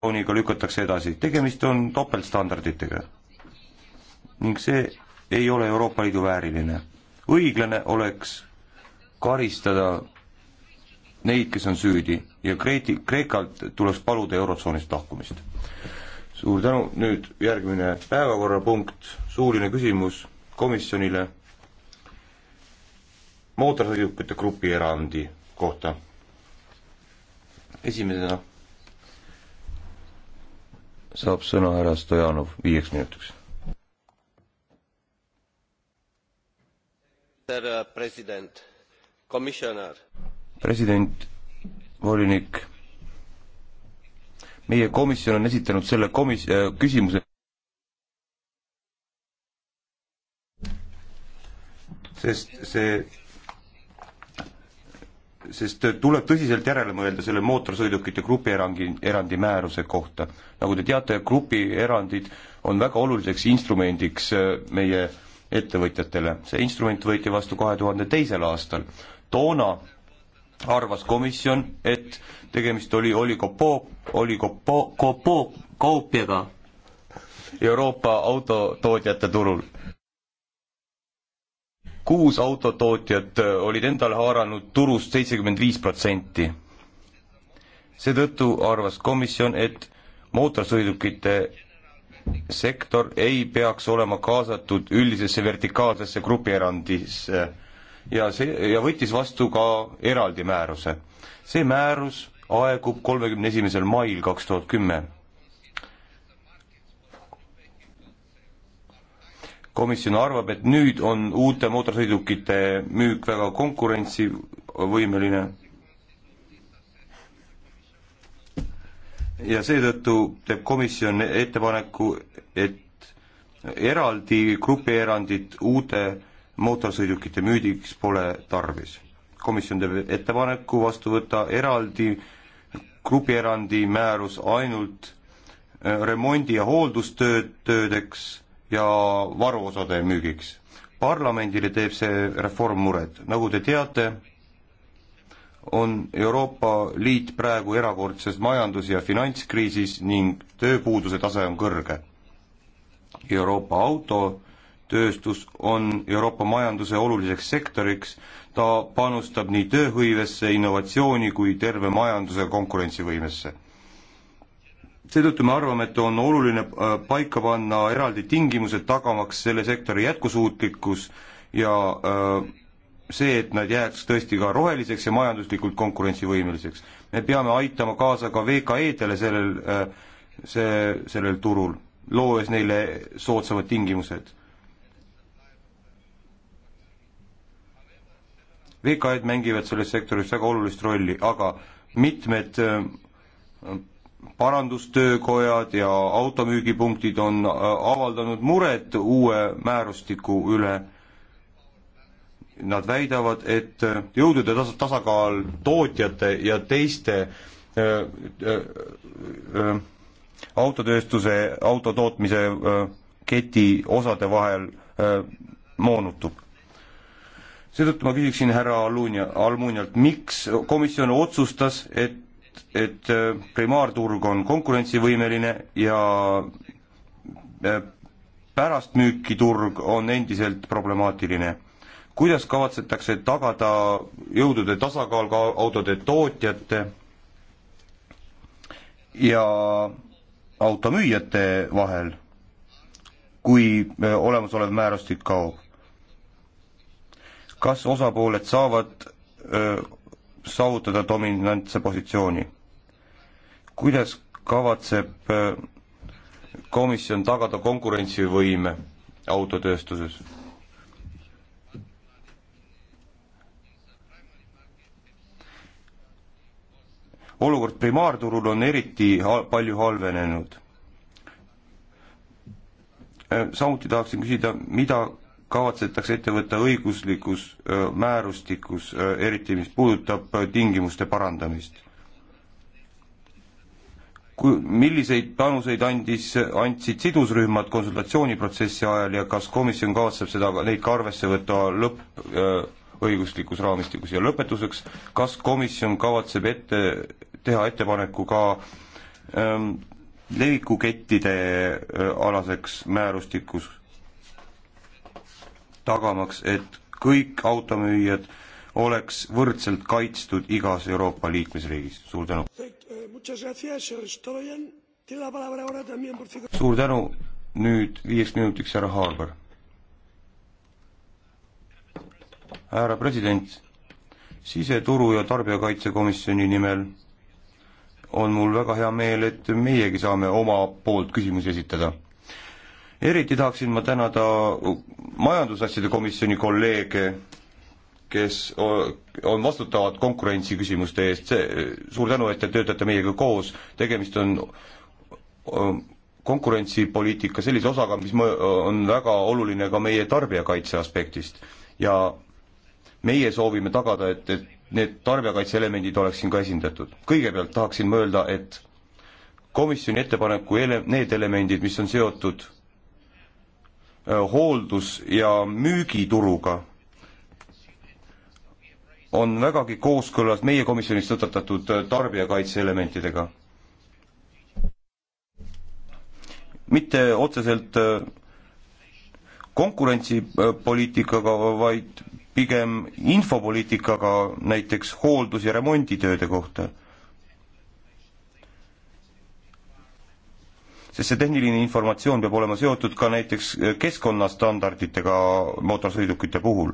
tooniga lükatakse edasi, tegemist on topeltstandarditega. ning see ei ole Euroopa Liidu vääriline. õiglane oleks karistada neid, kes on süüdi ja Kreeti, Kreekalt tuleks paluda Eurotsoonist lahkumist. suur tänu, nüüd järgmine päevakorrapunkt, suuline küsimus komisjonile mootorsõidukite grupierandi kohta. esimesena saab sõna härra Stojanov viieks minutiks. härra uh, president, komisjonär. president, volinik, meie komisjon on esitanud selle komis-, äh, küsimuse sest see sest tuleb tõsiselt järele mõelda selle mootorsõidukite grupierandi, erandi määruse kohta. nagu te teate, grupierandid on väga oluliseks instrumendiks äh, meie ettevõtjatele. see instrument võeti vastu kahe tuhande teisel aastal. toona arvas komisjon, et tegemist oli oligopo-, oligopo-, kopo-, koopiaga Euroopa autotootjate turul kuus autotootjat äh, olid endale haaranud turust seitsekümmend viis protsenti. seetõttu arvas komisjon, et mootorsõidukite sektor ei peaks olema kaasatud üldisesse vertikaalsesse grupierandisse ja see, ja võttis vastu ka eraldi määruse. see määrus aegub kolmekümne esimesel mail kaks tuhat kümme komisjon arvab, et nüüd on uute mootorsõidukite müük väga konkurentsivõimeline. ja seetõttu teeb komisjon ettepaneku, et eraldi grupierandit uute mootorsõidukite müüdiks pole tarvis. komisjon teeb ettepaneku vastu võtta eraldi grupierandi määrus ainult remondi- ja hooldustööd, töödeks ja varuosade müügiks. parlamendile teeb see reform muret, nagu te teate, on Euroopa Liit praegu erakordses majandus- ja finantskriisis ning tööpuuduse tase on kõrge. Euroopa autotööstus on Euroopa majanduse oluliseks sektoriks, ta panustab nii tööhõivesse, innovatsiooni kui terve majanduse konkurentsivõimesse seetõttu me arvame, et on oluline äh, paika panna eraldi tingimused, tagamaks selle sektori jätkusuutlikkus ja äh, see, et nad jääks tõesti ka roheliseks ja majanduslikult konkurentsivõimeliseks. me peame aitama kaasa ka VKE-dele sellel, äh, see, sellel turul, looes neile soodsamad tingimused. VKE-d mängivad selles sektoris väga olulist rolli, aga mitmed parandustöökojad ja automüügipunktid on äh, avaldanud muret uue määrustiku üle. Nad väidavad, et äh, jõudude tas-, tasakaal tootjate ja teiste öö, äh, öö, autotööstuse, autotootmise öö, keti osade vahel öö, moonutub seetõttu ma küsiksin härra Alunia, Almunialt, miks komisjon otsustas, et et äh, primaarturg on konkurentsivõimeline ja äh, pärastmüükiturg on endiselt problemaatiline. kuidas kavatsetakse tagada jõudude tasakaal ka autode tootjate ja automüüjate vahel, kui äh, olemasolev määrustik kaob? kas osapooled saavad öö, saavutada dominantse positsiooni. kuidas kavatseb äh, komisjon tagada konkurentsivõime autotööstuses? olukord primaarturul on eriti hal palju halvenenud. Äh, samuti tahaksin küsida, mida kavatsetakse ette võtta õiguslikus määrustikus, eriti mis puudutab tingimuste parandamist? kui, milliseid panuseid andis, andsid sidusrühmad konsultatsiooniprotsessi ajal ja kas komisjon kavatseb seda, neid ka arvesse võtta lõpp, õiguslikus raamistikus ja lõpetuseks, kas komisjon kavatseb ette, teha ettepaneku ka ähm, levikukettide äh, alaseks määrustikus tagamaks, et kõik automüüjad oleks võrdselt kaitstud igas Euroopa liikmesriigis. suur tänu! Eh, suur tänu, nüüd viieks minutiks härra Haarber. härra president, siseturu- ja tarbijakaitsekomisjoni nimel on mul väga hea meel, et meiegi saame oma poolt küsimusi esitada eriti tahaksin ma tänada majandusasjade komisjoni kolleege, kes on vastutavad konkurentsiküsimuste eest, see, suur tänu, et te töötate meiega koos, tegemist on konkurentsipoliitika sellise osaga, mis on väga oluline ka meie tarbijakaitse aspektist. ja meie soovime tagada, et, et need tarbijakaitseelemendid oleks siin ka esindatud. kõigepealt tahaksin ma öelda, et komisjoni ettepaneku ele-, need elemendid, mis on seotud Äh, hooldus- ja müügituruga on vägagi kooskõlas meie komisjonis tõstatatud äh, tarbijakaitse elementidega. mitte otseselt äh, konkurentsipoliitikaga, vaid pigem infopoliitikaga näiteks hooldus- ja remonditööde kohta sest see tehniline informatsioon peab olema seotud ka näiteks eh, keskkonnastandarditega mootorsõidukite puhul.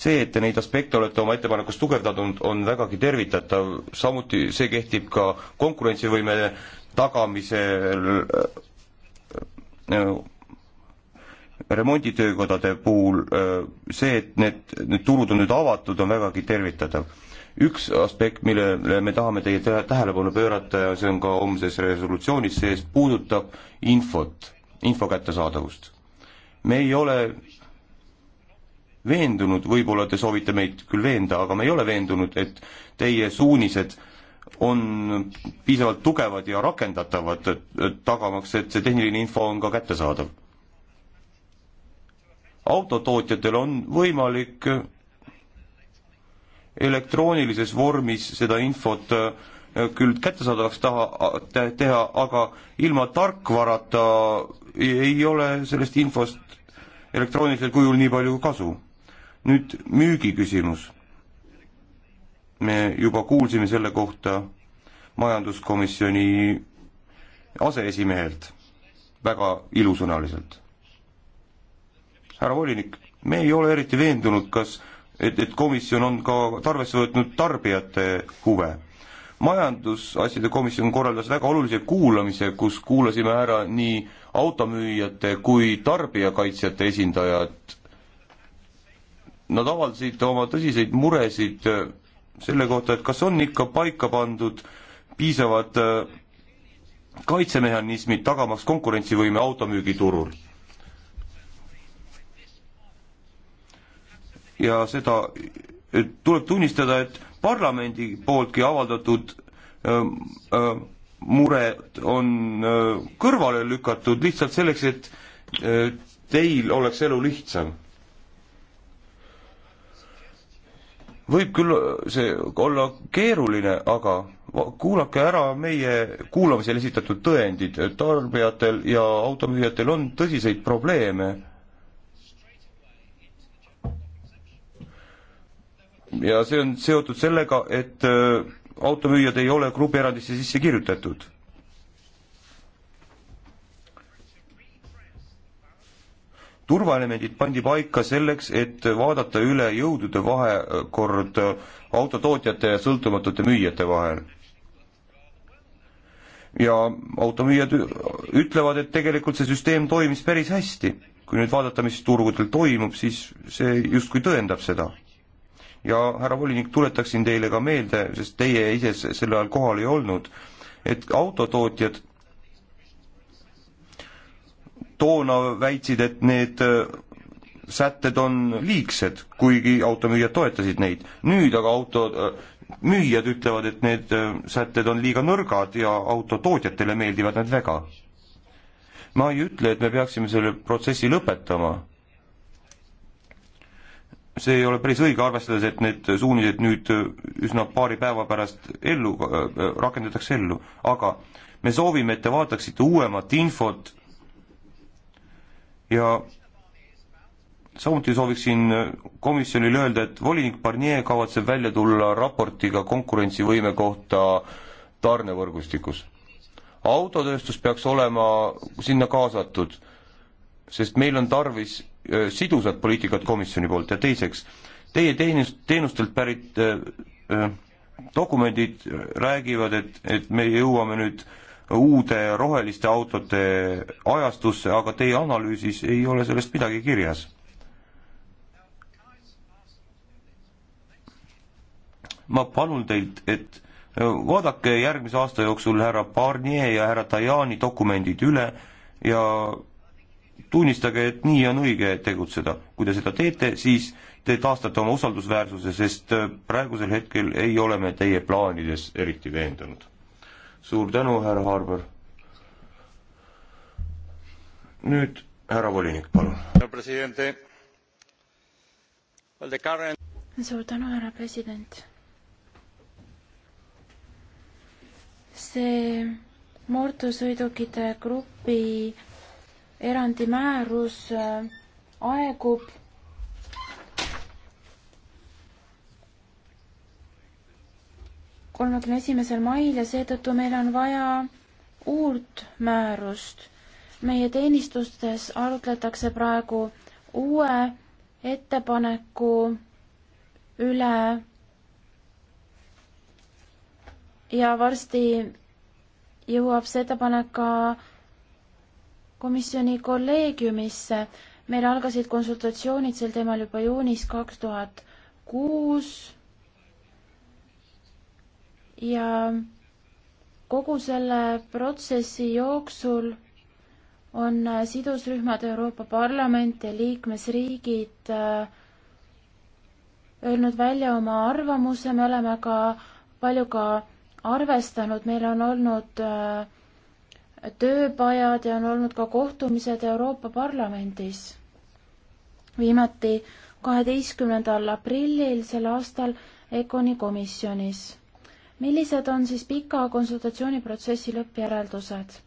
see, et te neid aspekte olete oma ettepanekus tugevdanud, on vägagi tervitatav, samuti see kehtib ka konkurentsivõime tagamisel eh, eh, remonditöökodade puhul see, et need, need turud on nüüd avatud, on vägagi tervitatav üks aspekt, millele me tahame teie tähelepanu pöörata ja see on ka homses resolutsioonis sees, puudutab infot, info kättesaadavust. me ei ole veendunud, võib-olla te soovite meid küll veenda, aga me ei ole veendunud, et teie suunised on piisavalt tugevad ja rakendatavad, tagamaks, et see tehniline info on ka kättesaadav. autotootjatel on võimalik elektroonilises vormis seda infot äh, küll kättesaadavaks taha te, teha, aga ilma tarkvarata ei ole sellest infost elektroonilisel kujul nii palju kasu. nüüd müügi küsimus. me juba kuulsime selle kohta majanduskomisjoni aseesimehelt väga ilusõnaliselt. härra volinik, me ei ole eriti veendunud, kas et, et komisjon on ka tarvesse võtnud tarbijate huve. majandusasjade komisjon korraldas väga olulise kuulamise, kus kuulasime ära nii automüüjate kui tarbijakaitsjate esindajad. Nad avaldasid oma tõsiseid muresid selle kohta, et kas on ikka paika pandud piisavad äh, kaitsemehhanismid tagamaks konkurentsivõime automüügiturul ja seda tuleb tunnistada, et parlamendi pooltki avaldatud öö, ähm, öö, äh, mured on öö, äh, kõrvale lükatud lihtsalt selleks, et öö, äh, teil oleks elu lihtsam. võib küll see olla keeruline, aga kuulake ära meie kuulamisel esitatud tõendid, tarbijatel ja automüüjatel on tõsiseid probleeme ja see on seotud sellega, et äh, automüüjad ei ole grupierandisse sisse kirjutatud. turvaelemendid pandi paika selleks, et vaadata üle jõudude vahekord autotootjate ja sõltumatute müüjate vahel. ja automüüjad ütlevad, et tegelikult see süsteem toimis päris hästi. kui nüüd vaadata, mis turgudel toimub, siis see justkui tõendab seda ja härra volinik, tuletaksin teile ka meelde, sest teie ise sel ajal kohal ei olnud, et autotootjad toona väitsid, et need äh, sätted on liigsed, kuigi automüüjad toetasid neid. nüüd aga auto äh, müüjad ütlevad, et need äh, sätted on liiga nõrgad ja autotootjatele meeldivad nad väga. ma ei ütle, et me peaksime selle protsessi lõpetama see ei ole päris õige, arvestades, et need suunised nüüd üsna paari päeva pärast ellu äh,, rakendatakse ellu, aga me soovime, et te vaataksite uuemat infot ja samuti sooviksin komisjonile öelda, et volinik Barnier kavatseb välja tulla raportiga konkurentsivõime kohta tarnevõrgustikus. autotööstus peaks olema sinna kaasatud, sest meil on tarvis Äh, sidusat poliitikat komisjoni poolt ja teiseks, teie teenist, teenustelt pärit äh, äh, dokumendid räägivad, et, et me jõuame nüüd uude roheliste autode ajastusse, aga teie analüüsis ei ole sellest midagi kirjas. ma palun teilt, et äh, vaadake järgmise aasta jooksul härra Barnier ja härra Tajani dokumendid üle ja tunnistage, et nii on õige tegutseda. kui te seda teete, siis te taastate oma usaldusväärsuse, sest äh, praegusel hetkel ei ole me teie plaanides eriti veendunud. suur tänu, härra Harber. nüüd härra volinik, palun. suur tänu, härra president. see mootorsõidukite grupi erandimäärus äh, aegub. kolmekümne esimesel mail ja seetõttu meil on vaja uut määrust. meie teenistustes arutletakse praegu uue ettepaneku üle ja varsti jõuab see ettepanek ka komisjoni kolleegiumisse. meil algasid konsultatsioonid sel teemal juba juunis kaks tuhat kuus ja kogu selle protsessi jooksul on sidusrühmad Euroopa Parlament ja liikmesriigid äh, öelnud välja oma arvamuse, me oleme ka paljuga arvestanud, meil on olnud äh, tööpajad ja on olnud ka kohtumised Euroopa Parlamendis. viimati kaheteistkümnendal aprillil sel aastal ECONi komisjonis. millised on siis pika konsultatsiooniprotsessi lõppjäreldused?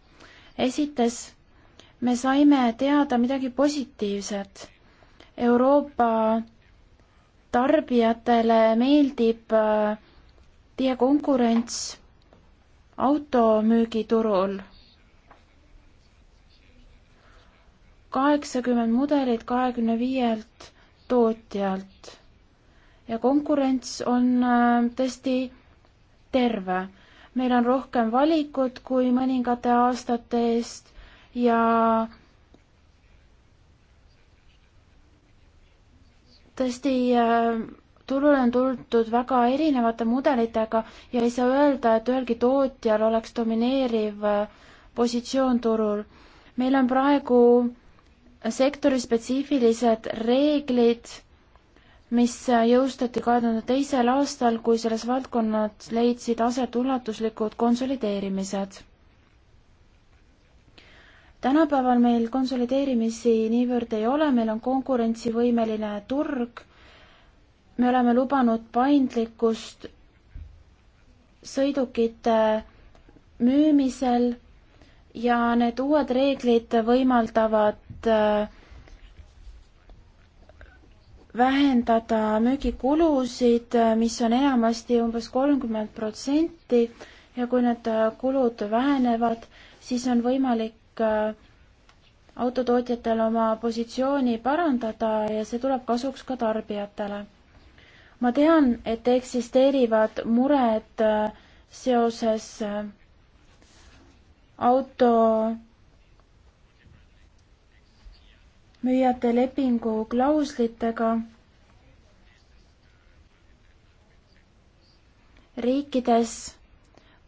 esites me saime teada midagi positiivset. Euroopa tarbijatele meeldib äh, tihe konkurents automüügiturul kaheksakümmend mudelit kahekümne viielt tootjalt ja konkurents on äh, tõesti terve. meil on rohkem valikut kui mõningate aastate eest ja tõesti äh, turule on tuldud väga erinevate mudelitega ja ei saa öelda, et ühelgi tootjal oleks domineeriv äh, positsioon turul. meil on praegu sektorispetsiifilised reeglid, mis jõustati kahe tuhande teisel aastal, kui selles valdkonnas leidsid aset ulatuslikud konsolideerimised. tänapäeval meil konsolideerimisi niivõrd ei ole, meil on konkurentsivõimeline turg, me oleme lubanud paindlikkust sõidukite müümisel ja need uued reeglid võimaldavad Äh, vähendada müügikulusid, äh, mis on enamasti umbes kolmkümmend protsenti ja kui need äh, kulud vähenevad, siis on võimalik autotootjatel oma positsiooni parandada ja see tuleb kasuks ka tarbijatele. ma tean, et eksisteerivad mured seoses auto müüjate lepingu klauslitega riikides,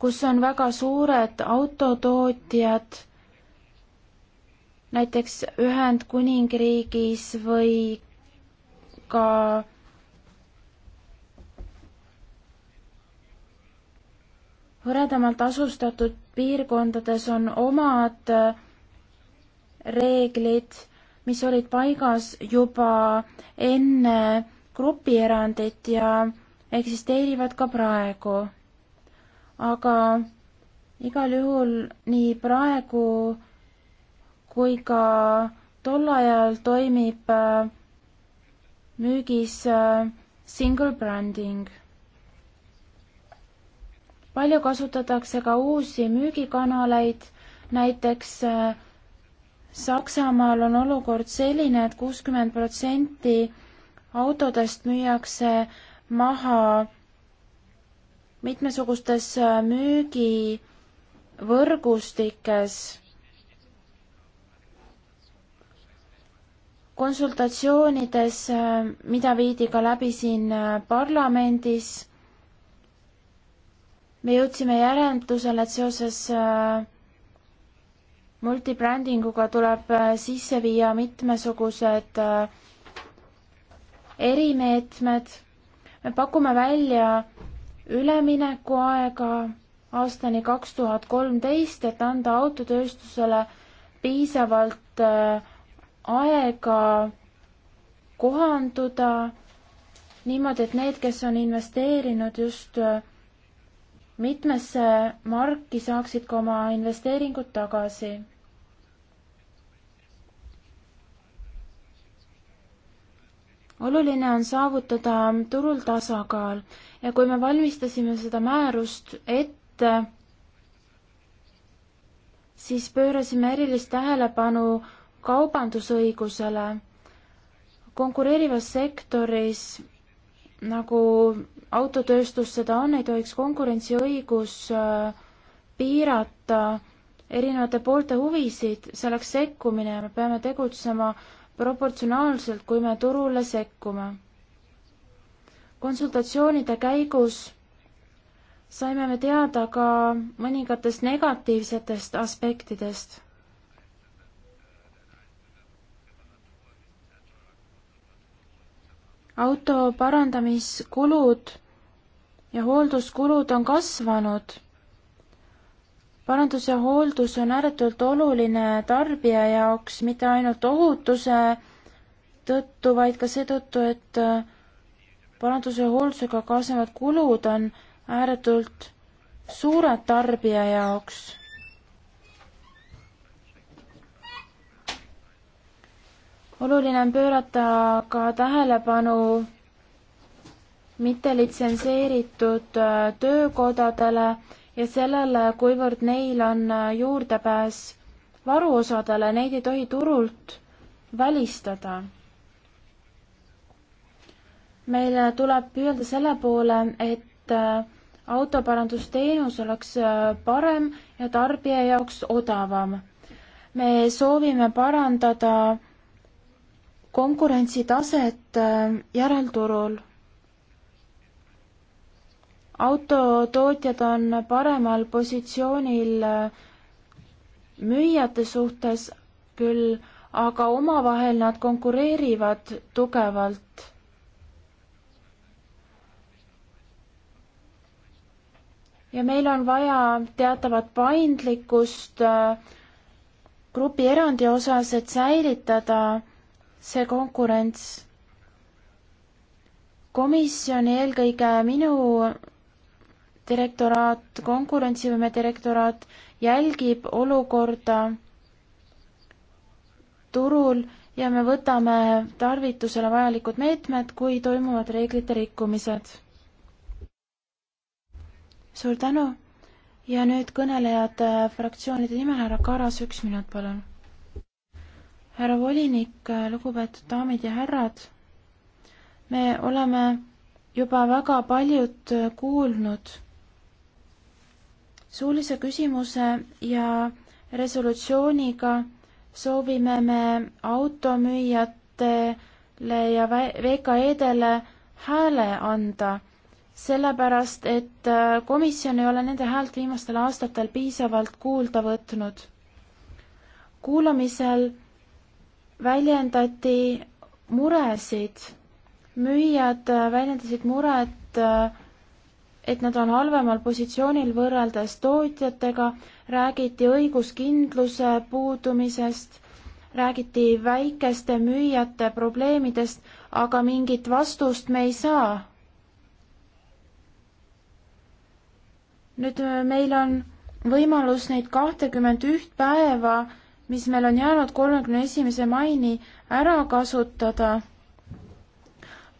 kus on väga suured autotootjad, näiteks Ühendkuningriigis või ka hõredamalt asustatud piirkondades on omad reeglid mis olid paigas juba enne grupierandit ja eksisteerivad ka praegu. aga igal juhul nii praegu kui ka tol ajal toimib äh, müügis äh, single branding. palju kasutatakse ka uusi müügikanaleid, näiteks äh, Saksamaal on olukord selline et, et kuuskümmend protsenti autodest müüakse maha mitmesugustes äh, müügivõrgustikes. konsultatsioonides, äh, mida viidi ka läbi siin äh, parlamendis, me jõudsime järeldusele, et seoses äh, multibrändinguga tuleb äh, sisse viia mitmesugused äh, erimeetmed. me pakume välja üleminekuaega aastani kaks tuhat kolmteist, et anda autotööstusele piisavalt äh, aega kohanduda niimoodi, et need, kes on investeerinud just mitmesse marki, saaksid ka oma investeeringud tagasi oluline on saavutada turul tasakaal ja kui me valmistasime seda määrust ette, siis pöörasime erilist tähelepanu kaubandusõigusele. konkureerivas sektoris, nagu autotööstus seda on, ei tohiks konkurentsiõigus äh, piirata erinevate poolte huvisid, see oleks sekkumine, me peame tegutsema proportsionaalselt, kui me turule sekkume. konsultatsioonide käigus saime me teada ka mõningatest negatiivsetest aspektidest. auto parandamiskulud ja hoolduskulud on kasvanud parandus ja hooldus on ääretult oluline tarbija jaoks mitte ainult ohutuse tõttu, vaid ka seetõttu, et äh, paranduse ja hooldusega kaasnevad kulud on ääretult suured tarbija jaoks. oluline on pöörata ka tähelepanu mittelitsenseeritud äh, töökodadele ja sellele, kuivõrd neil on äh, juurdepääs varuosadele, neid ei tohi turult välistada. meil äh, tuleb püüelda selle poole, et äh, autoparandusteenus oleks parem ja tarbija jaoks odavam. me soovime parandada konkurentsitaset järelturul autotootjad on paremal positsioonil äh, müüjate suhtes küll, aga omavahel nad konkureerivad tugevalt. ja meil on vaja teatavat paindlikkust äh, grupierandi osas, et säilitada see konkurents. komisjon, eelkõige minu direktoraat, konkurentsivõime direktoraat jälgib olukorda turul ja me võtame tarvitusele vajalikud meetmed, kui toimuvad reeglite rikkumised. suur tänu ja nüüd kõnelejad äh, fraktsioonide nimel, härra Karas, üks minut, palun. härra volinik, äh, lugupeetud daamid ja härrad, me oleme juba väga paljud äh, kuulnud suulise küsimuse ja resolutsiooniga soovime me automüüjatele ja VKE-dele hääle anda, sellepärast et äh, komisjon ei ole nende häält viimastel aastatel piisavalt kuulda võtnud. kuulamisel väljendati muresid, müüjad äh, väljendasid muret äh, et nad on halvemal positsioonil võrreldes tootjatega, räägiti õiguskindluse puudumisest, räägiti väikeste müüjate probleemidest, aga mingit vastust me ei saa. nüüd äh, meil on võimalus neid kahtekümmet üht päeva, mis meil on jäänud kolmekümne esimese maini, ära kasutada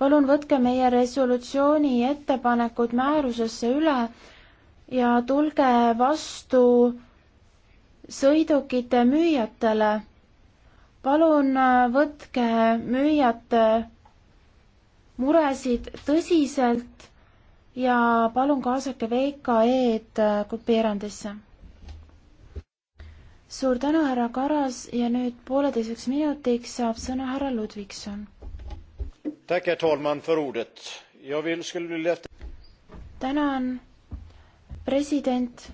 palun võtke meie resolutsiooni ettepanekud määrusesse üle ja tulge vastu sõidukite müüjatele. palun äh, võtke müüjate muresid tõsiselt ja palun kaasake VKE-d äh, kopeerandisse. suur tänu, härra Karas ja nüüd pooleteiseks minutiks saab sõna härra Ludvikson tänan, president.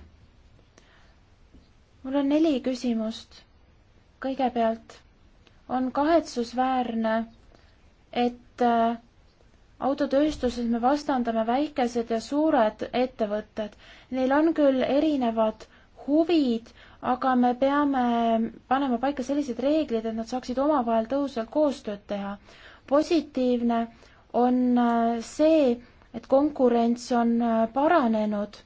mul on neli küsimust. kõigepealt on kahetsusväärne, et äh, autotööstuses me vastandame väikesed ja suured ettevõtted. Neil on küll erinevad huvid, aga me peame panema paika sellised reeglid, et nad saaksid omavahel tõhusalt koostööd teha positiivne on äh, see, et konkurents on äh, paranenud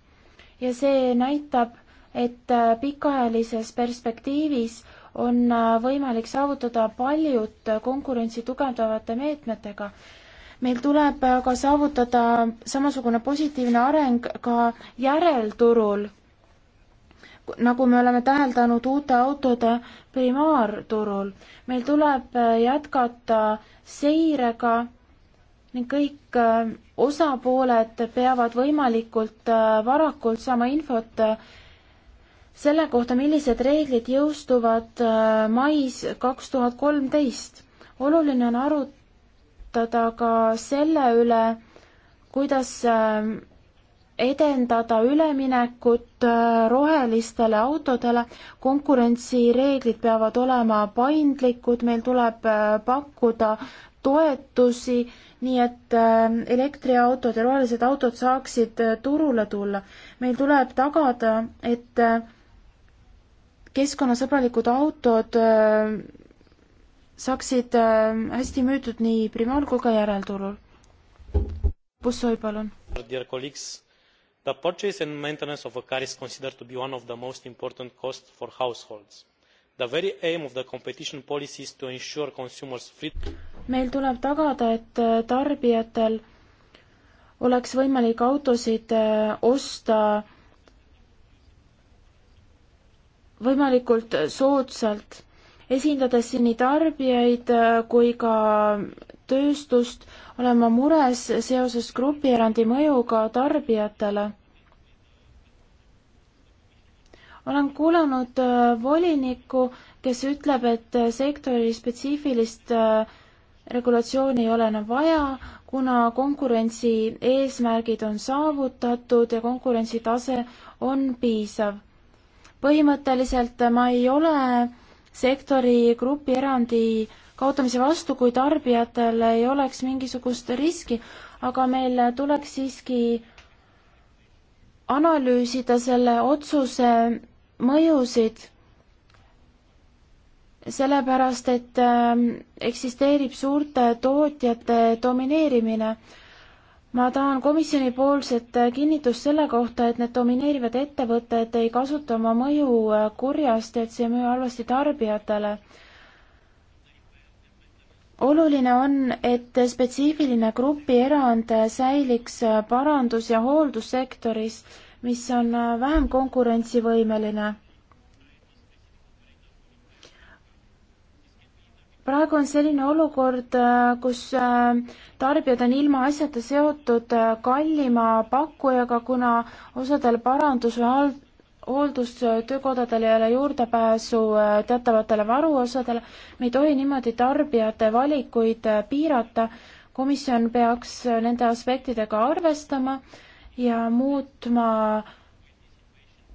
ja see näitab, et äh, pikaajalises perspektiivis on võimalik saavutada paljud konkurentsi tugevdavate meetmetega. meil tuleb aga saavutada samasugune positiivne areng ka järelturul nagu me oleme täheldanud uute autode primaarturul. meil tuleb äh, jätkata seirega ning kõik äh, osapooled peavad võimalikult äh, varakult saama infot selle kohta, millised reeglid jõustuvad mais kaks tuhat kolmteist. oluline on arutada ka selle üle, kuidas edendada üleminekut äh, rohelistele autodele, konkurentsireeglid peavad olema paindlikud, meil tuleb äh, pakkuda toetusi, nii et äh, elektriautod ja rohelised autod saaksid turule tulla. meil tuleb tagada, et keskkonnasõbralikud autod saaksid hästi müüdud nii primaar- kui ka järelturul. Bussoi, palun! Dear colleagues, the purchase and maintenance of a car is considered to be one of the most important costs for households. the very aim of the competition policy is to ensure consumers free meil tuleb tagada, et äh, tarbijatel oleks võimalik autosid äh, osta võimalikult soodsalt, esindades siin nii tarbijaid äh, kui ka tööstust, olen ma mures seoses grupierandi mõjuga tarbijatele. olen kuulanud äh, volinikku, kes ütleb, et äh, sektori spetsiifilist äh, regulatsiooni ei ole enam vaja, kuna konkurentsi eesmärgid on saavutatud ja konkurentsitase on piisav. põhimõtteliselt ma ei ole sektori grupierandi kaotamise vastu, kui tarbijatel ei oleks mingisugust riski, aga meil tuleks siiski analüüsida selle otsuse mõjusid, sellepärast et ähm, eksisteerib suurte tootjate domineerimine ma tahan komisjonipoolset kinnitust selle kohta, et need domineerivad ettevõtted ei kasuta oma mõju kurjasti, et see ei mõju halvasti tarbijatele oluline on, et spetsiifiline grupierand säiliks parandus- ja hooldussektoris, mis on vähem konkurentsivõimeline. praegu on selline olukord, kus tarbijad on ilmaasjata seotud kallima pakkujaga, kuna osadel parandus- või hooldustöökodadel ei ole juurdepääsu äh, teatavatele varuosadele, me ei tohi niimoodi tarbijate valikuid äh, piirata, komisjon peaks äh, nende aspektidega arvestama ja muutma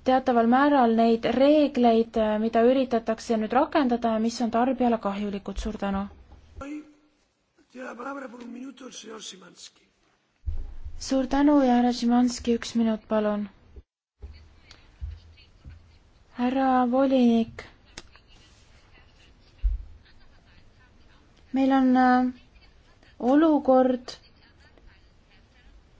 teataval määral neid reegleid, mida üritatakse nüüd rakendada ja mis on tarbijale kahjulikud, suur tänu. suur tänu ja härra Šimanski, üks minut, palun härra volinik, meil on äh, olukord,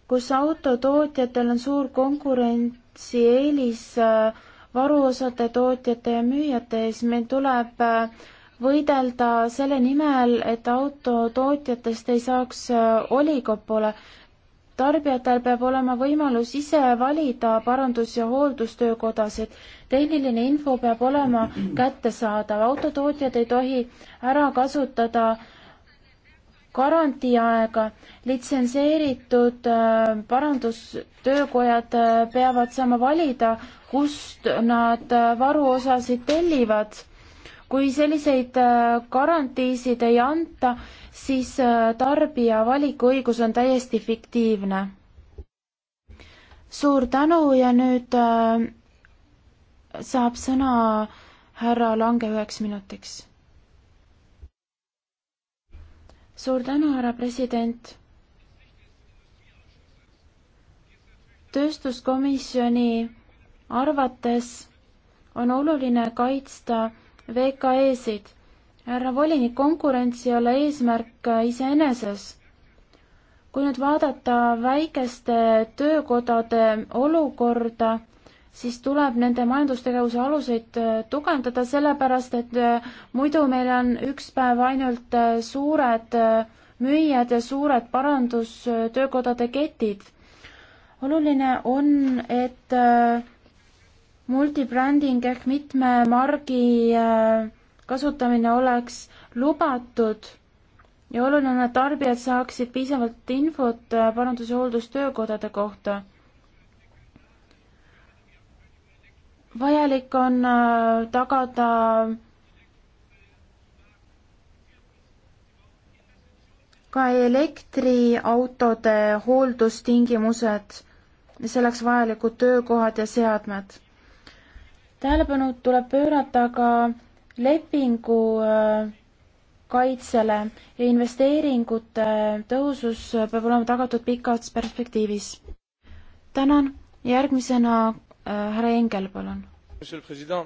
kus autotootjatel on suur konkurentsieelis äh, varuosade tootjate ja müüjate ees, meil tuleb äh, võidelda selle nimel, et autotootjatest ei saaks oligopole tarbijatel peab olema võimalus ise valida parandus- ja hooldustöökodasid. tehniline info peab olema kättesaadav, autotootjad ei tohi ära kasutada garantiaega, litsenseeritud äh, parandustöökojad äh, peavad saama valida, kust nad äh, varuosasid tellivad kui selliseid äh, garantiisid ei anta, siis äh, tarbija valikuõigus on täiesti fiktiivne. suur tänu ja nüüd äh, saab sõna härra Lange üheks minutiks. suur tänu, härra president. tööstuskomisjoni arvates on oluline kaitsta VKE-sid. härra volinik, konkurents ei ole eesmärk iseeneses. kui nüüd vaadata väikeste töökodade olukorda, siis tuleb nende majandustegevuse aluseid äh, tugevdada, sellepärast et äh, muidu meil on üks päev ainult äh, suured müüjad ja suured parandustöökodade ketid. oluline on, et multibränding ehk mitme margi äh, kasutamine oleks lubatud ja oluline on, et tarbijad saaksid piisavalt infot äh, parandus- ja hooldustöökodade kohta. vajalik on äh, tagada ka elektriautode hooldustingimused, selleks vajalikud töökohad ja seadmed tähelepanu tuleb pöörata ka lepingu äh, kaitsele ja investeeringute tõhusus peab olema tagatud pikas perspektiivis. tänan, järgmisena äh, härra Engel, palun. Euh,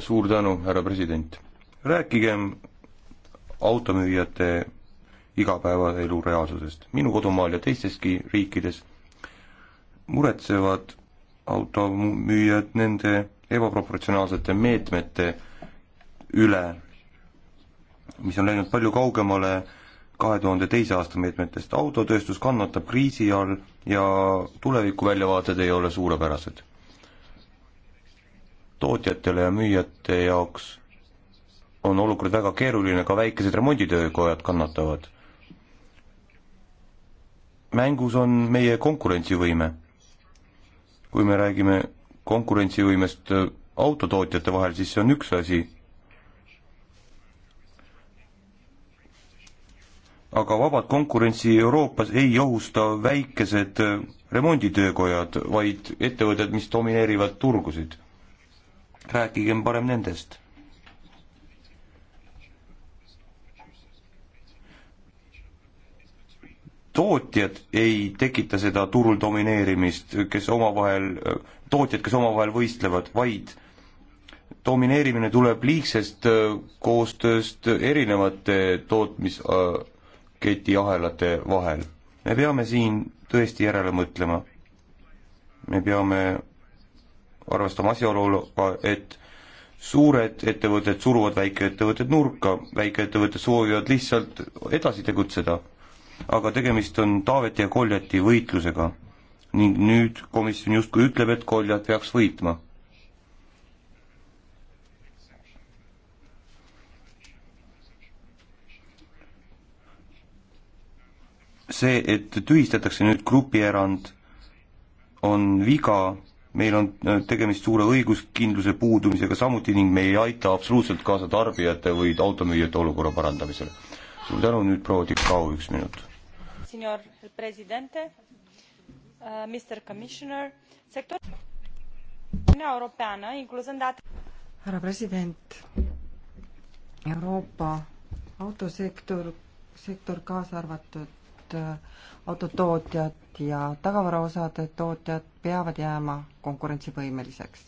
suur tänu, härra president. rääkigem automüüjate igapäevaelu reaalsusest. minu kodumaal ja teisteski riikides muretsevad automüüjad nende ebaproportsionaalsete meetmete üle, mis on läinud palju kaugemale kahe tuhande teise aasta meetmetest. autotööstus kannatab kriisi all ja tulevikuväljavaated ei ole suurepärased. tootjatele ja müüjate jaoks on olukord väga keeruline, ka väikesed remonditöökojad kannatavad. mängus on meie konkurentsivõime kui me räägime konkurentsivõimest äh, autotootjate vahel, siis see on üks asi. aga vabad konkurentsi Euroopas ei ohusta väikesed äh, remonditöökojad, vaid ettevõtted, mis domineerivad turgusid. rääkigem parem nendest tootjad ei tekita seda turul domineerimist, kes omavahel, tootjad, kes omavahel võistlevad, vaid domineerimine tuleb liigsest äh, koostööst erinevate tootmisketi ahelate vahel. me peame siin tõesti järele mõtlema. me peame arvestama asjaoluga, et suured ettevõtted suruvad väikeettevõtted nurka, väikeettevõtted soovivad lihtsalt edasi tegutseda aga tegemist on Taaveti ja Koljati võitlusega ning nüüd komisjon justkui ütleb, et Koljat peaks võitma. see, et tühistatakse nüüd grupierand, on viga, meil on äh, tegemist suure õiguskindluse puudumisega samuti ning me ei aita absoluutselt kaasa tarbijate või automüüjate olukorra parandamisele suur tänu, nüüd proua Tikau, üks minut. Signor presidente uh,, Mr Commissioner, sektor Euroopeana, incluzând date härra president, Euroopa autosektor, sektor kaasa arvatud uh, autotootjad ja tagavaraosade tootjad peavad jääma konkurentsivõimeliseks.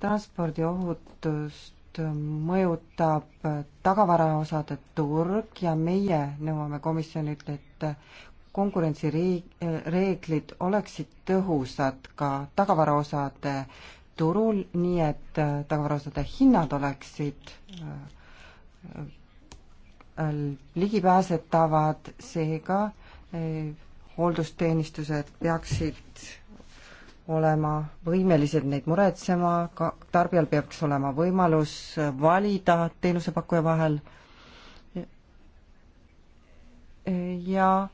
transpordiohutust mõjutab tagavaraosade turg ja meie nõuame komisjonilt, et konkurentsireeglid oleksid tõhusad ka tagavaraosade turul, nii et tagavaraosade hinnad oleksid äh, äh, ligipääsetavad, seega äh, hooldusteenistused peaksid olema võimelised neid muretsema, ka tarbijal peaks olema võimalus valida teenusepakkuja vahel ja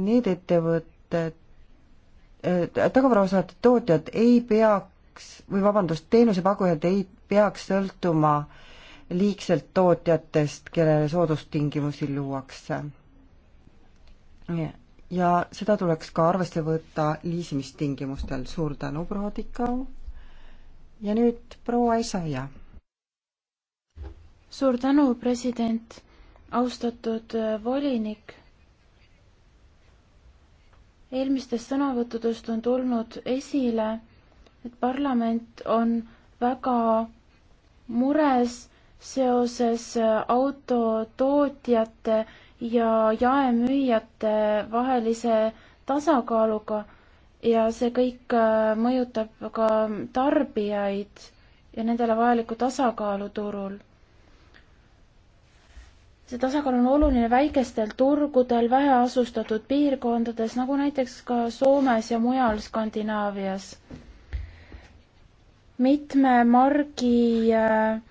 need ettevõtted, tagavaraosade tootjad ei peaks või vabandust, teenusepakkujad ei peaks sõltuma liigselt tootjatest, kellele soodustingimusi luuakse ja seda tuleks ka arvesse võtta liisimistingimustel. suur tänu, proua Tikau. ja nüüd proua Esaja. suur tänu, president, austatud äh, volinik. eelmistest sõnavõttudest on tulnud esile, et parlament on väga mures seoses äh, autotootjate ja jaemüüjate vahelise tasakaaluga ja see kõik äh, mõjutab ka tarbijaid ja nendele vajalikku tasakaalu turul. see tasakaal on oluline väikestel turgudel, väheasustatud piirkondades, nagu näiteks ka Soomes ja mujal Skandinaavias. mitme margi äh,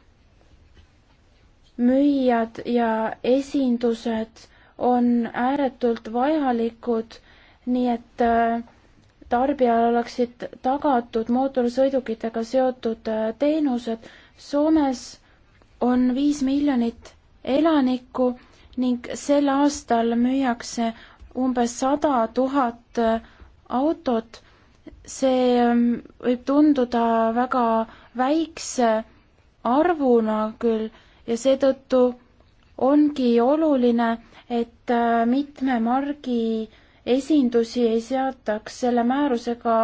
müüjad ja esindused on ääretult vajalikud, nii et äh, tarbijal oleksid tagatud mootorsõidukitega seotud äh, teenused. Soomes on viis miljonit elanikku ning sel aastal müüakse umbes sada tuhat äh, autot. see ähm, võib tunduda väga väikse arvuna küll ja seetõttu ongi oluline, et äh, mitme margi esindusi ei seataks selle määrusega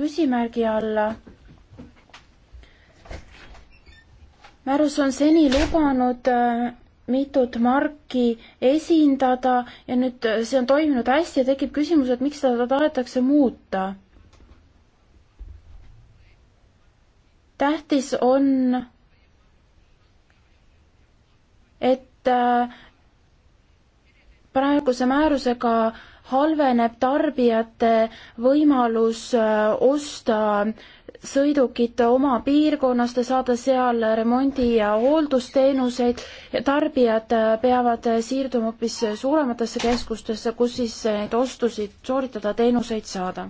küsimärgi alla. määrus on seni lubanud äh, mitut marki esindada ja nüüd äh, see on toiminud hästi ja tekib küsimus, et miks seda tahetakse muuta. tähtis on et äh, praeguse määrusega halveneb tarbijate võimalus äh, osta sõidukit oma piirkonnast ja saada seal remondi- ja hooldusteenuseid ja tarbijad äh, peavad siirduma hoopis suurematesse keskustesse, kus siis neid ostusid sooritada, teenuseid saada.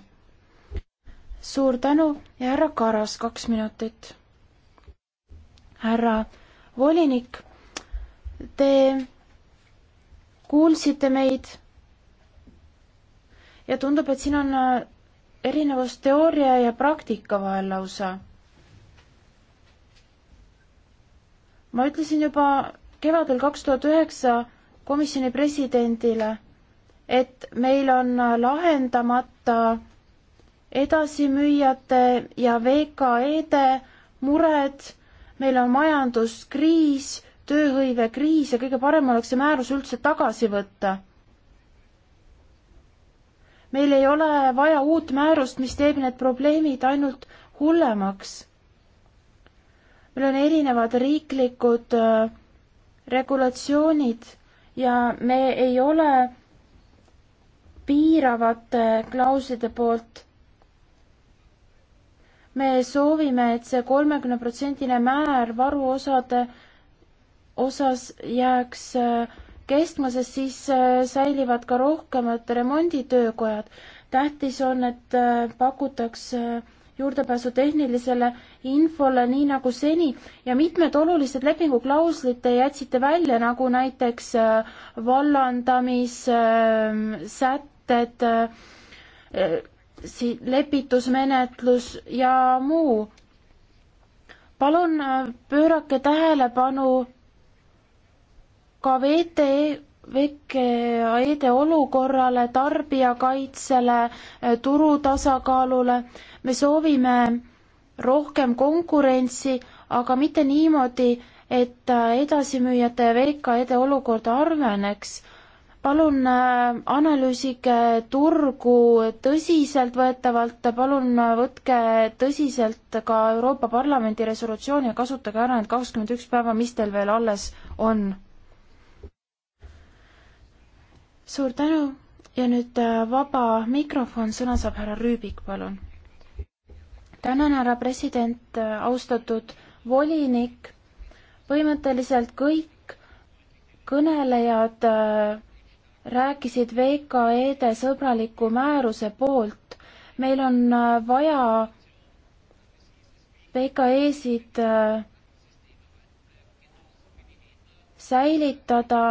suur tänu ja härra Karas, kaks minutit. härra volinik Te kuulsite meid ja tundub, et siin on äh, erinevus teooria ja praktika vahel lausa. ma ütlesin juba kevadel kaks tuhat üheksa komisjoni presidendile, et meil on lahendamata edasimüüjate ja VKE-de mured, meil on majanduskriis tööhõivekriis ja kõige parem oleks see määrus üldse tagasi võtta. meil ei ole vaja uut määrust, mis teeb need probleemid ainult hullemaks. meil on erinevad riiklikud äh, regulatsioonid ja me ei ole piiravate klauslide poolt me soovime, et see kolmekümne protsendine määr varuosade osas jääks äh, kestma, sest siis äh, säilivad ka rohkemad remonditöökojad. tähtis on, et äh, pakutaks juurdepääsu tehnilisele infole nii nagu seni ja mitmed olulised lepinguklauslid te jätsite välja, nagu näiteks vallandamissätted, ähm, lepitusmenetlus ja muu. palun pöörake tähelepanu ka VTE VKE-de olukorrale, tarbijakaitsele, eh, turu tasakaalule. me soovime rohkem konkurentsi, aga mitte niimoodi, et eh, edasimüüjate ja VKE-de olukord harveneks. palun eh, analüüsige turgu tõsiseltvõetavalt, palun võtke tõsiselt ka Euroopa Parlamendi resolutsiooni ja kasutage ära need kakskümmend üks päeva, mis teil veel alles on suur tänu ja nüüd äh, vaba mikrofon, sõna saab härra Rüübik, palun. tänan, härra president, äh, austatud volinik. põhimõtteliselt kõik kõnelejad äh, rääkisid VKE-de sõbraliku määruse poolt. meil on vaja VKE-sid säilitada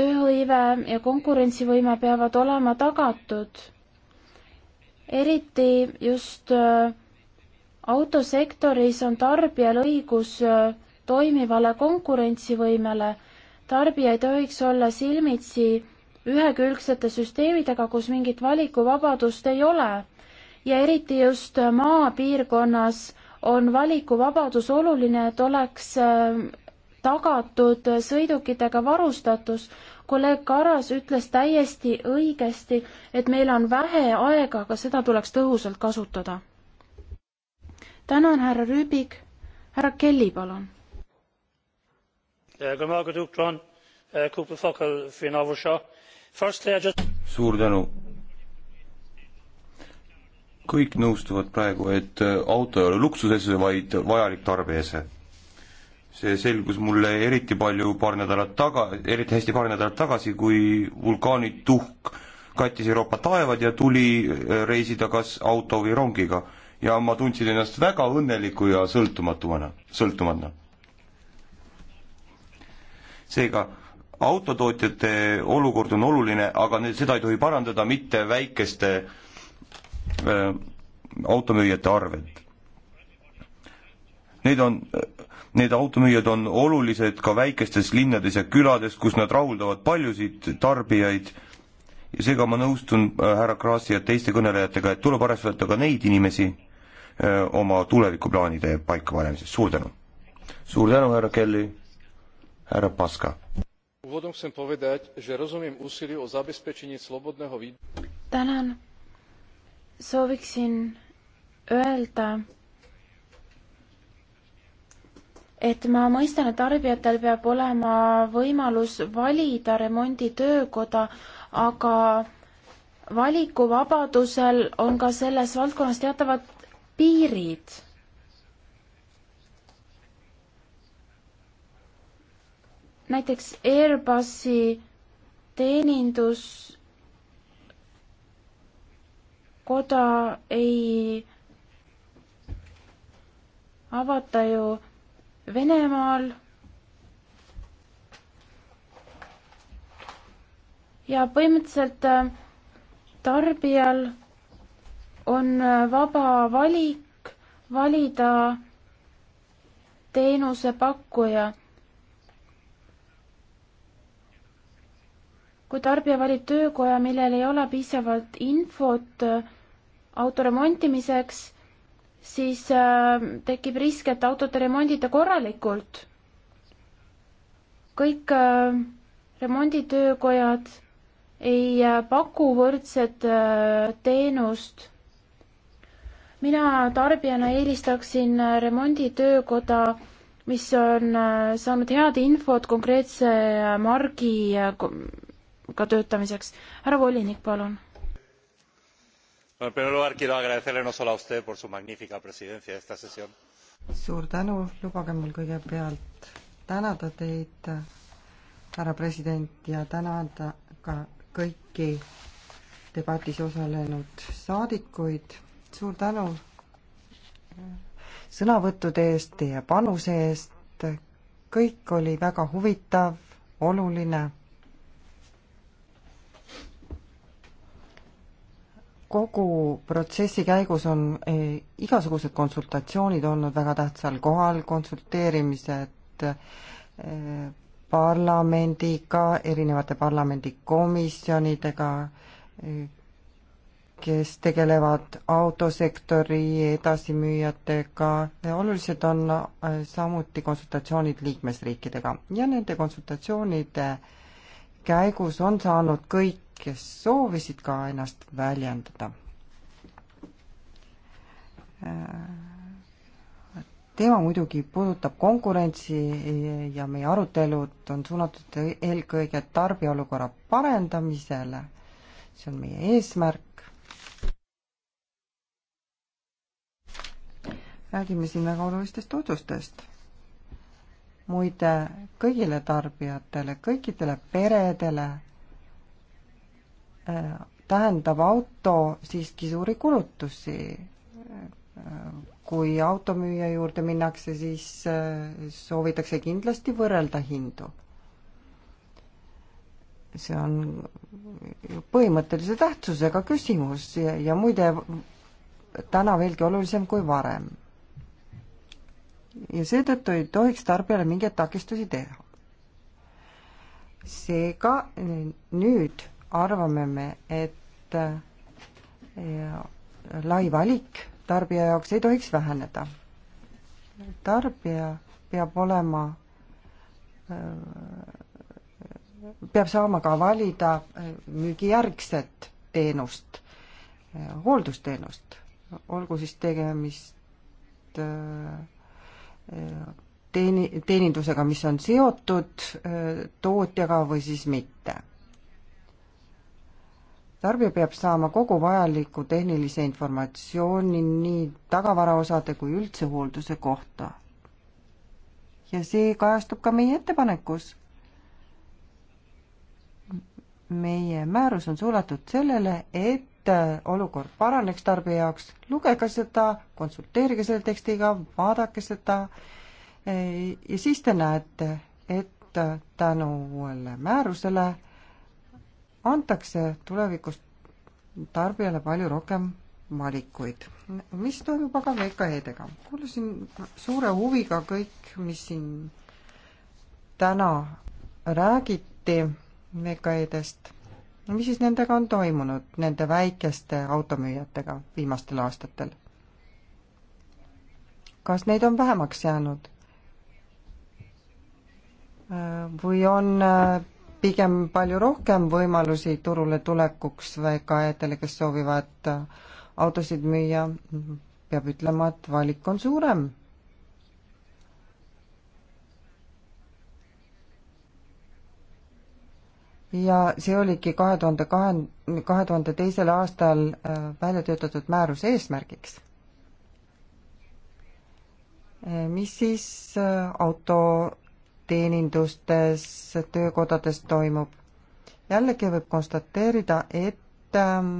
tööhõive ja konkurentsivõime peavad olema tagatud. eriti just äh, autosektoris on tarbijal õigus äh, toimivale konkurentsivõimele. tarbija ei tohiks olla silmitsi ühekülgsete süsteemidega, kus mingit valikuvabadust ei ole. ja eriti just äh, maapiirkonnas on valikuvabadus oluline, et oleks tagatud sõidukitega varustatus. kolleeg Karas ütles täiesti õigesti, et meil on vähe aega, aga seda tuleks tõhusalt kasutada. tänan, härra Rüübik. härra Kelly, palun. Eh, eh, suur tänu kõik nõustuvad praegu, et auto ei ole luksusese, vaid vajalik tarbeese see selgus mulle eriti palju paar nädalat taga, eriti hästi paar nädalat tagasi, kui vulkaanituhk kattis Euroopa taevad ja tuli äh, reisida kas auto või rongiga. ja ma tundsin ennast väga õnneliku ja sõltumatumana, sõltumana. seega, autotootjate olukord on oluline, aga need, seda ei tohi parandada mitte väikeste äh, automüüjate arvelt. Neid on äh, Need automüüjad on olulised ka väikestes linnades ja külades, kus nad rahuldavad paljusid tarbijaid ja seega ma nõustun äh, härra Krasi ja teiste kõnelejatega, et tuleb arvestada ka neid inimesi öö, äh, oma tulevikuplaanide paikapanemises, suur tänu! suur tänu, härra Kelly, härra Paska! úvodom chcem povedať že rozumiem úsiliu o zabezpečenie slobodného výberu. sooviksin öelda et ma mõistan, et tarbijatel peab olema võimalus valida remonditöökoda, aga valikuvabadusel on ka selles valdkonnas teatavad piirid. näiteks Airbusi teeninduskoda ei avata ju Venemaal ja põhimõtteliselt äh, tarbijal on äh, vaba valik valida teenusepakkuja. kui tarbija valib töökoja, millel ei ole piisavalt infot äh, auto remontimiseks, siis äh, tekib risk, et autot ei remondita korralikult. kõik äh, remonditöökojad ei äh, paku võrdset äh, teenust. mina tarbijana eelistaksin äh, remonditöökoda, mis on äh, saanud head infot konkreetse äh, margiga äh, töötamiseks. härra volinik, palun en primer lugar quiero agradecerle no solo a usted por su magnífica presidencia de esta sesión suur tänu, lubage mul kõigepealt tänada teid, härra president, ja tänada ka kõiki debatis osalenud saadikuid, suur tänu sõnavõttude eest, teie panuse eest, kõik oli väga huvitav, oluline kogu protsessi käigus on eh, igasugused konsultatsioonid olnud väga tähtsal kohal, konsulteerimised eh, parlamendiga, erinevate parlamendikomisjonidega, eh, kes tegelevad autosektori edasimüüjatega, olulised on samuti konsultatsioonid liikmesriikidega ja nende konsultatsioonide käigus on saanud kõik kes soovisid ka ennast väljendada. teema muidugi puudutab konkurentsi ja meie arutelud on suunatud eelkõige tarbija olukorra parendamisele. see on meie eesmärk. räägime siin väga olulistest otsustest muide kõigile tarbijatele, kõikidele peredele tähendab auto siiski suuri kulutusi. kui automüüja juurde minnakse, siis äh, soovitakse kindlasti võrrelda hindu. see on põhimõttelise tähtsusega küsimus ja, ja muide täna veelgi olulisem kui varem. ja seetõttu ei tohiks tarbijale mingeid takistusi teha. seega nüüd arvame me, et lai valik tarbija jaoks ei tohiks väheneda. tarbija peab olema, peab saama ka valida müügijärgset teenust, hooldusteenust, olgu siis tegemist teeni-, teenindusega, mis on seotud tootjaga või siis mitte tarbija peab saama kogu vajaliku tehnilise informatsiooni nii tagavaraosade kui üldse hoolduse kohta. ja see kajastub ka meie ettepanekus. meie määrus on suunatud sellele, et olukord paraneks tarbija jaoks, lugege seda, konsulteerige selle tekstiga, vaadake seda ja siis te näete, et tänu uuele määrusele antakse tulevikus tarbijale palju rohkem valikuid. mis toimub aga VKE-dega? kuulasin suure huviga kõik, mis siin täna räägiti VKE-dest. mis siis nendega on toimunud, nende väikeste automüüjatega viimastel aastatel? kas neid on vähemaks jäänud? või on äh, pigem palju rohkem võimalusi turule tulekuks väikeaedadele, kes soovivad autosid müüa, peab ütlema, et valik on suurem. ja see oligi kahe tuhande kahe, kahe tuhande teisel aastal äh, välja töötatud määruse eesmärgiks. Äh, mis siis äh, auto teenindustes, töökodades toimub. jällegi võib konstateerida, et ähm,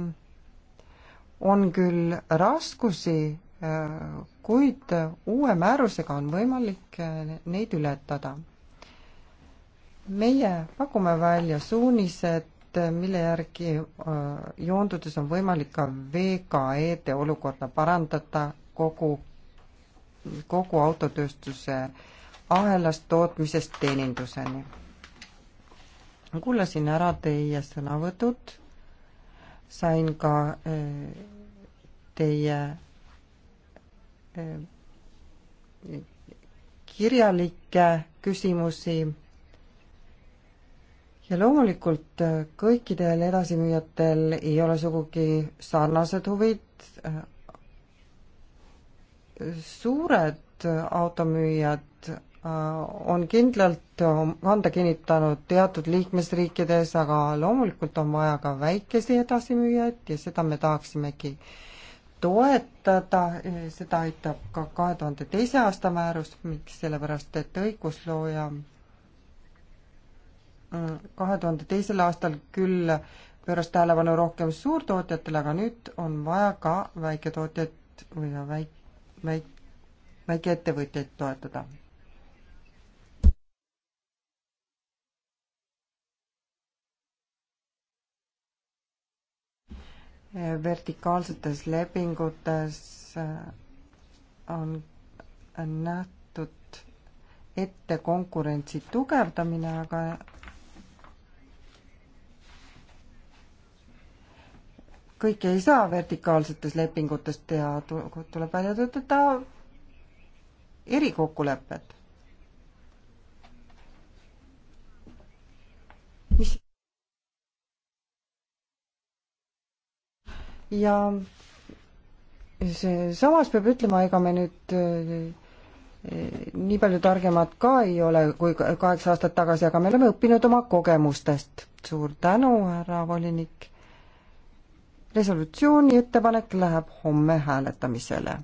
on küll raskusi, äh, kuid uue määrusega on võimalik äh, neid ületada. meie pakume välja suunised, mille järgi äh, joondudes on võimalik ka VKE-de olukorda parandada kogu, kogu autotööstuse äh, ahelast tootmisest teeninduseni. kuulasin ära teie sõnavõtud, sain ka eh, teie eh, kirjalikke küsimusi ja loomulikult eh, kõikidel edasimüüjatel ei ole sugugi sarnased huvid. suured automüüjad Äh, on kindlalt kanda äh, kinnitanud teatud liikmesriikides, aga loomulikult on vaja ka väikesi edasimüüjaid ja seda me tahaksimegi toetada, äh, seda aitab ka kahe tuhande teise aasta määrus, miks, sellepärast et õiguslooja kahe tuhande teisel aastal küll pööras tähelepanu rohkem suurtootjatele, aga nüüd on vaja ka väiketootjat või väik-, väik-, väikeettevõtjaid toetada vertikaalsetes lepingutes äh, on nähtud ette konkurentsi tugevdamine, aga kõike ei saa vertikaalsetes lepingutes teha, tuleb välja töötada erikokkulepped ja see, samas peab ütlema, ega me nüüd eh, nii palju targemad ka ei ole kui kaheksa aastat tagasi, aga me oleme õppinud oma kogemustest. suur tänu, härra volinik. resolutsiooni ettepanek läheb homme hääletamisele